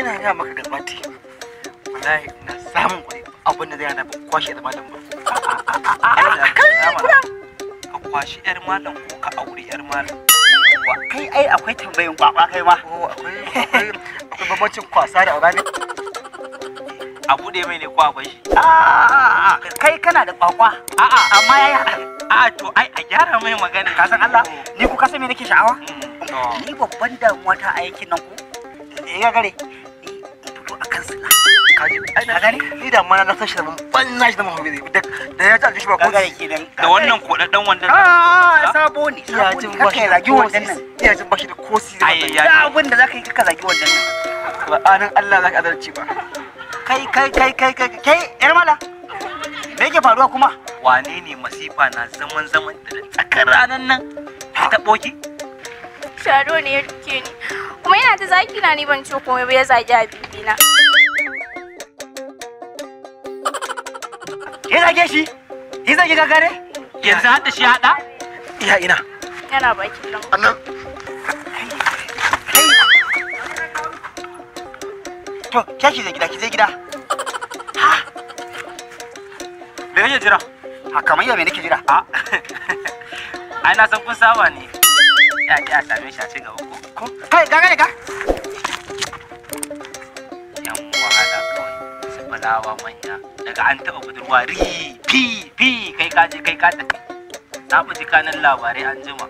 ina ga maka gabati wallahi ina samun kuɗi abin da zai hana ba kwashe da malam ba ka kwashi yar malam ko ka aure yar malam Wa kai ai akwai tambayin kwakwa kai ma oh, akwai bambancin kwasa da aure a bude mai ne kwakwa shi ah, kai kana da kwakwa a'a amma yayi a'a to ai a gyara mai magana ka san Allah ni ku ka san me nake sha'awa mm, ni babban damuwa ta aikin nan ku eh gare kansa kaji ni da mana na da ban na shi ya a ah, sabo ne ya wannan nan yi wannan nan faruwa kuma wane ne masifa na zaman zaman da tsakar nan ta ne ya duke ni kuma yana ta zaki na ni ban ce komai ya zagi abibina. Ina zage shi ya zage gagare yanzu har da shi hada iya ina yana baki nan annan to ke ki zai gida ki zai gida me kake jira ha kamar ya me nake jira a ai na san kun saba ne ya ki a same shi a cikin gaba ko kai gagare ka dawa manya daga an taɓa budurwa ri fi fi kai ka je kai ka tafi na fi kanan labarai an jima